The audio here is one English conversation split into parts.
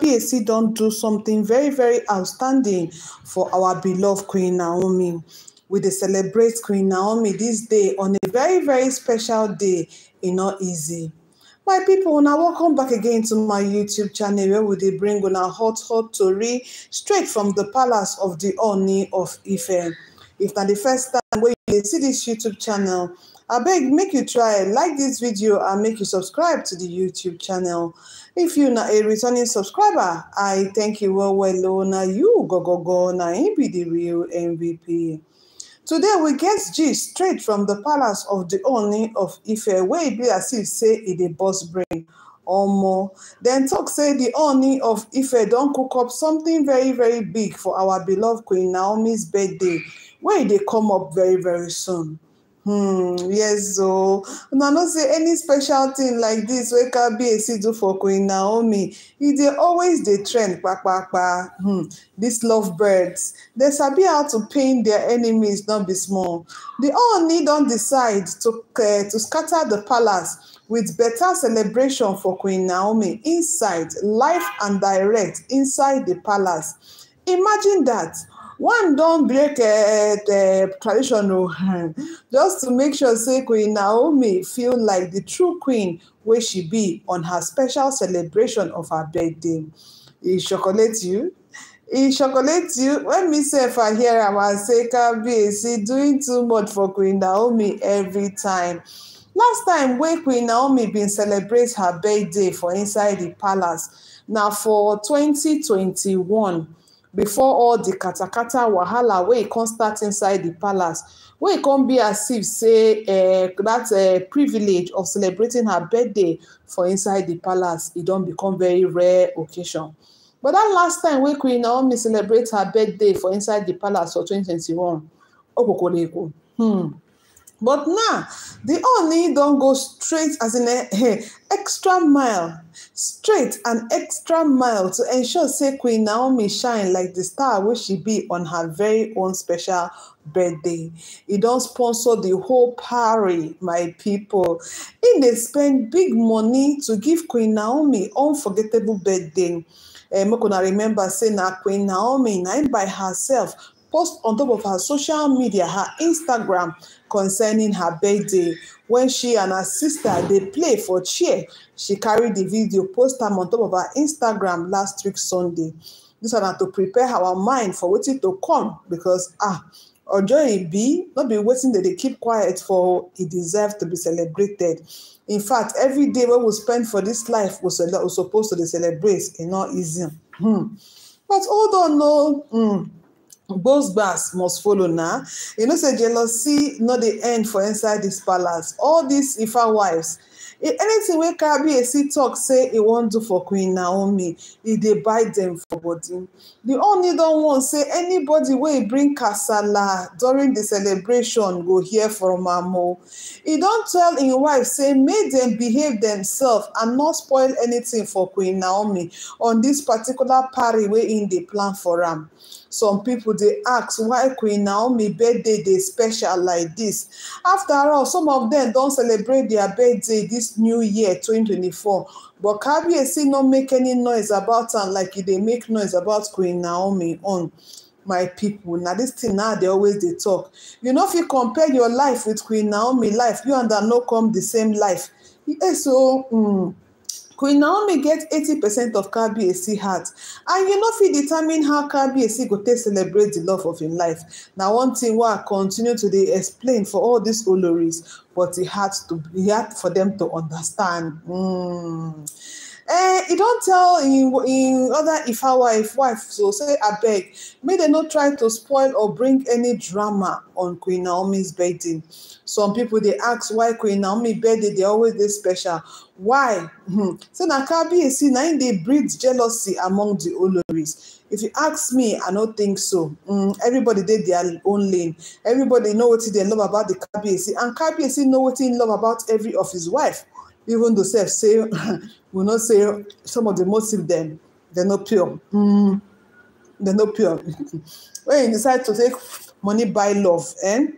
do don do something very, very outstanding for our beloved Queen Naomi. We dey celebrate Queen Naomi this day on a very, very special day. E no easy. my people, una welcome back again to my youtube channel where we dey bring una hot hot tori straight from the palace of the oni of ife if na the first time wey you dey see this youtube channel abeg make you try like this video and make you subscribe to the youtube channel if you na a returning subscriber i thank you well well o oh, na you go go go na im be the real mvp today we get gist straight from the palace of the oni of ife wey e be as if say e dey burst brain omo dem talk say di oni of ife don cook up something very very big for our beloved queen naomi's birthday wey e dey come up very very soon Hmm, yes, so I am not say any special thing like this We can be a do for Queen Naomi. It's always the trend pa. Hmm, these lovebirds, they sabi how to paint their enemies, Not be small. need on the side to uh, to scatter the palace with better celebration for Queen Naomi inside, live and direct inside the palace. Imagine that one don't break uh, uh, traditional oh, just to make sure say queen naomi feel like the true queen wey she be on her special celebration of her birthday e chocolate you e chocolate you when me sef i hear am i say kabiyesi doing too much for queen naomi every time last time wey queen naomi bin celebrate her birthday for inside di palace na for 2021 before all the katakata wahala wey come start inside the palace wey e come be as if say dat eh, eh, privilege of celebrating her birthday for inside the palace e don become very rare occasion but that last time wey queen naomi celebrate her birthday for inside the palace for 2021 okokore hmm But now, they only don't go straight as in a, eh, extra mile, straight an extra mile to ensure say Queen Naomi shine like the star where she be on her very own special birthday. He don't sponsor the whole party, my people. He they spend big money to give Queen Naomi unforgettable birthday. Uh, make una remember saying that Queen Naomi na by herself post on top of her social media, her Instagram, concerning her birthday. When she and her sister they play for cheer, she carried the video post them on top of her Instagram last week Sunday. This one to prepare our mind for wetin to come because ah Ojo B not be waiting that they keep quiet for he deserve to be celebrated. In fact, every day what we spend for this life we supposed to be celebrate you know, easy. Hmm. But hold on No. Hmm both bars must follow now. You know, say jealousy not the end for inside this palace. All these our wives, anything wey see talk say won't do for queen naomi if they bite them for body The only don't want say anybody wey bring kasala during the celebration go hear from He don't tell his wife say make them behave themselves and not spoil anything for queen naomi on this particular party where in the plan for him some people they ask why queen naomi birthday they special like this. after all some of them don't celebrate their birthday this new year 2024 but kabiyesi no make any noise about am like they make noise about queen naomi on my people. Now this thing, now they always they talk. you know if you compare your life with queen naomi life you and I know come the same life yes oh, mm queen naomi get 80 percent of kabiyesi heart and you no fit determine how kabiyesi go take celebrate the love of his life Now, one thing why i continue to explain for all these oloris but he had to he had for them to understand. Mm eh, you don't tell in, in other if our wife, so say, I beg, may they not try to spoil or bring any drama on Queen Naomi's birthday. Some people, they ask why Queen Naomi birthday, they always this special. Why? Hmm. so na Kabi see, now they breed jealousy among the Oloris. If you ask me, I don't think so. Mm, everybody did their own lane. Everybody know what they love about the Kabi and Kabi know what he love about every of his wife even the self say will not say some of the motive them they're not pure mm, they're not pure when you decide to take money by love and eh?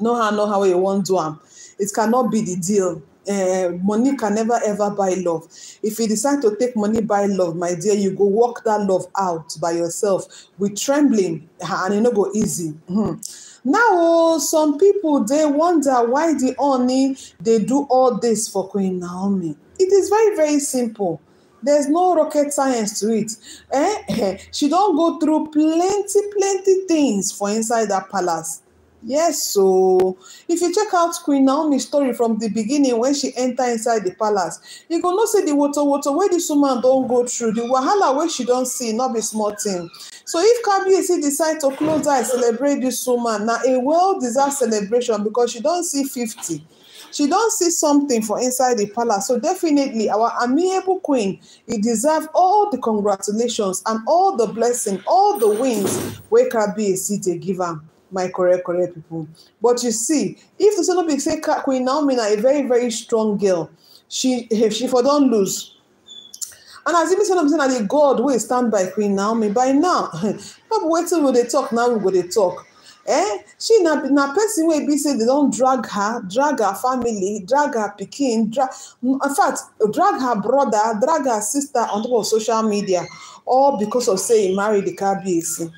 no how no how you want to am it cannot be the deal uh, money can never ever buy love. If you decide to take money by love, my dear, you go work that love out by yourself with trembling, and it no go easy. Mm-hmm. Now, some people they wonder why the only they do all this for Queen Naomi. It is very, very simple. There's no rocket science to it. Eh? she don't go through plenty, plenty things for inside that palace. Yes, so if you check out Queen Naomi's story from the beginning when she enter inside the palace, you go not see the water water where this woman not go through, the wahala where she don't see, not be small thing. So if KBC decide to close eye celebrate this woman, Now a well-deserved celebration because she don't see 50. She don't see something for inside the palace. So definitely our amiable queen, he deserve all the congratulations and all the blessing, all the wins where KBC they give her my correct correct people. But you see, if the Solo say Queen Naomi na a very very strong girl, she she for don lose. And as even Solomon say na God will stand by Queen Naomi by now, I'm waiting we dey talk now we go dey talk. Eh? She na na person wey be say they don't drag her, drag her family, drag her pikin, drag in fact drag her brother, drag her sister on top of social media all because of say marry the Kabiyesi.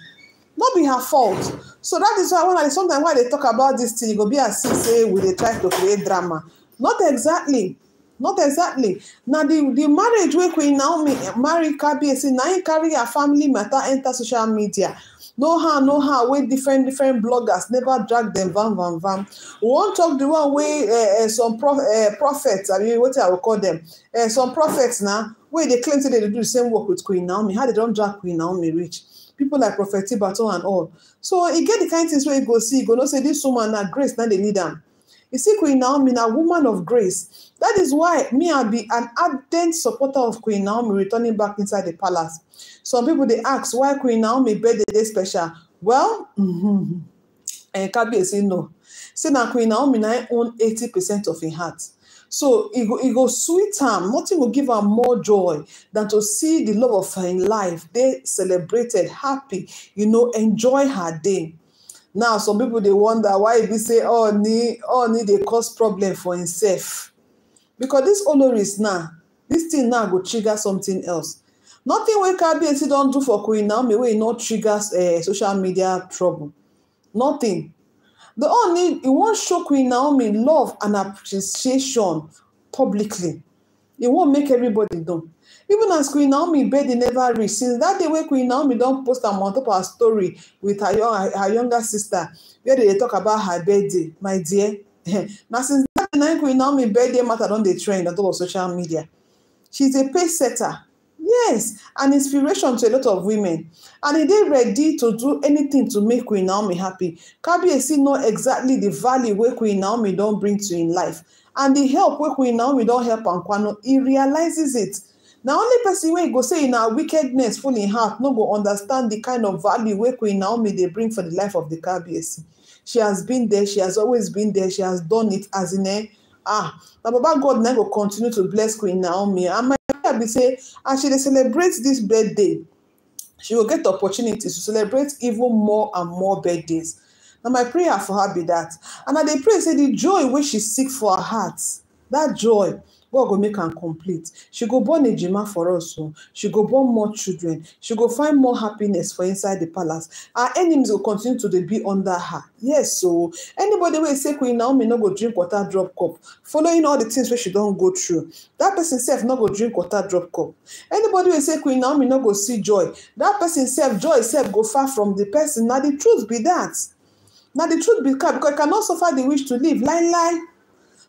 Not be her fault. So that is why when I sometimes when they talk about this thing, go be as if say we they try to create drama. Not exactly. Not exactly. Now the, the marriage where Queen Naomi eh, marry KBC, now you carry her family matter enter social media. No how, no how, with different different bloggers never drag them van van van. We won't talk the one way uh, eh, uh, eh, some prof, uh, prophets, I mean what I will call them, some prophets now, where they claim today they do the same work with Queen Naomi. How they don't drag Queen Naomi rich. people like prophet tibaton and all so he get the kind things where he go see you go know say this woman na grace na they lead am you see queen naomi a woman of grace that is why me i be an ardent supporter of queen naomi returning back inside the palace some people they ask why queen naomi birthday dey special well and Kabi say no say na queen naomi na own eighty percent of her heart So it go, it go sweet him. Nothing will give her more joy than to see the love of her in life. They celebrated, happy, you know, enjoy her day. Now, some people they wonder why they say, oh, ni, oh, ni, they cause problem for himself. Because this is now, this thing now go trigger something else. Nothing be Kabiyesi don do for Queen Naomi wey not trigger uh, eh, social media trouble. Nothing. They all need, he won't show Queen Naomi love and appreciation publicly. It won't make everybody know. Even as Queen Naomi bed he never reached Since that day way Queen Naomi don't post a top her story with her, young, her younger sister, where they talk about her birthday, my dear. now since that day, Queen Naomi birthday matter on the trend on all of social media. She's a pace setter. Yes, an inspiration to a lot of women. And he did ready to do anything to make Queen Naomi happy. Kabiyesi know exactly the value where Queen Naomi don't bring to in life. And the help where Queen Naomi don't help Ankwano, he realizes it. Now only person he go say our wickedness full heart no go understand the kind of value wey Queen Naomi they bring for the life of the Kabiyesi. She has been there, she has always been there, she has done it as in a eh, ah, But Baba God never go continue to bless Queen Naomi. Am I? her be say as she dey celebrate this birthday she go get opportunity to celebrate even more and more birthdays na my prayer for her be that, and i dey pray say the joy wey she seek for her heart that joy god go make and complete she go born a jima for us o oh. she go born more children she go find more happiness for inside the palace Our enemies will continue to be under her yes so oh. anybody will say queen naomi no go drink water drop cup following all the things wey she don't go through that person self no go drink water drop cup anybody will say queen naomi no go see joy That person self joy self go far from the person Now the truth be that. Now the truth be because I cannot suffer the wish to live lie lie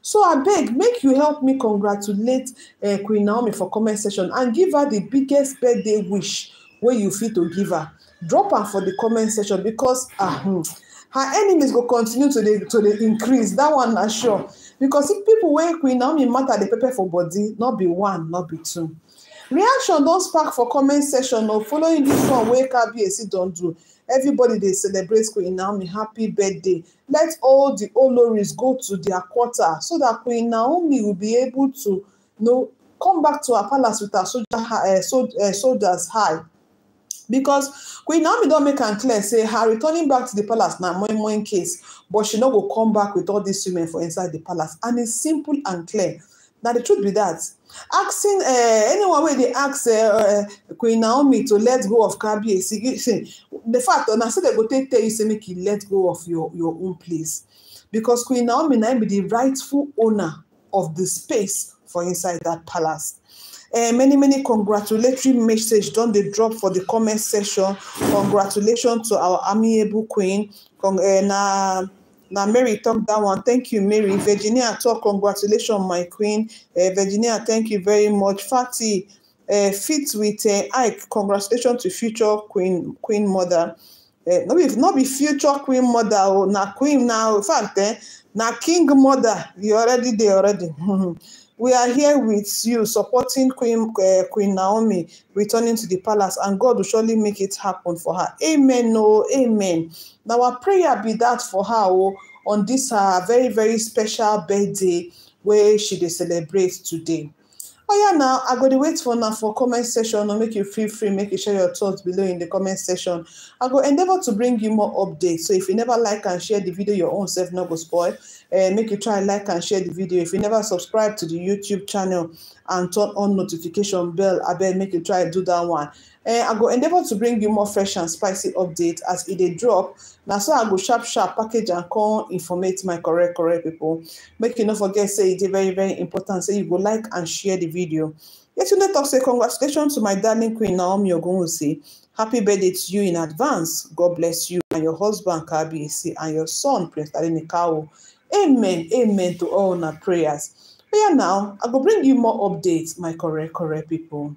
so I beg, make you help me congratulate uh, Queen Naomi for comment section and give her the biggest birthday wish where you fit to give her. Drop her for the comment section because uh, her enemies go continue to the to the increase. That one I'm sure. Because if people wey Queen Naomi matter the prepare for body, not be one, not be two. Reaction don't spark for comment section or following this one Wake up, yes, it don't do not do everybody they celebrate queen naomi happy birthday let all di oloris go to their quarter so that queen naomi will be able to know come back to her palace with her eh, eh, soldiers high because queen naomi not make am clear say her returning back to the palace now. more in case but she not go come back with all these women for inside the palace and it's simple and clear now the truth be that asking uh, anyone where they ask uh, uh, queen naomi to let go of kabiyesi the fact na so dem go take tell you say make you let go of your your own place because queen naomi na be the rightful owner of the space for inside that palace. Uh, many many congratulatory message don't they drop for the comment session? congratulations to our amiable queen Queen. uh, now, Mary, talk that one. Thank you, Mary. Virginia, talk. Congratulations, my queen. Uh, Virginia, thank you very much. Fatty, uh, fit with uh, Ike. Congratulations to future queen, queen mother. Uh, no have not be future queen mother Now, oh, na queen now in fact eh, na king mother you already there already We are here with you, supporting Queen, uh, Queen Naomi returning to the palace, and God will surely make it happen for her. Amen. Oh, amen. Now, our prayer be that for her oh, on this uh, very, very special birthday where she celebrates today oh yeah now i go to wait for now for comment section or make you feel free make you share your thoughts below in the comment section i go endeavour to bring you more updates so if you never like and share the video your own self no go spoil uh, make you try like and share the video if you never subscribe to the youtube channel and turn on notification bell. I bet make you try do that one. And eh, I go endeavor to bring you more fresh and spicy update as it they drop. Now so I go sharp sharp package and come informate my correct correct people. Make you not forget say it's very very important. Say you go like and share the video. Yes, you know. talk say congratulations to my darling queen Naomi Ogunwusi. Happy birthday to you in advance. God bless you and your husband Kabiyesi and your son Prince Adenikawo. Amen. Amen to all our prayers yeah now i go bring you more updates my correct correct people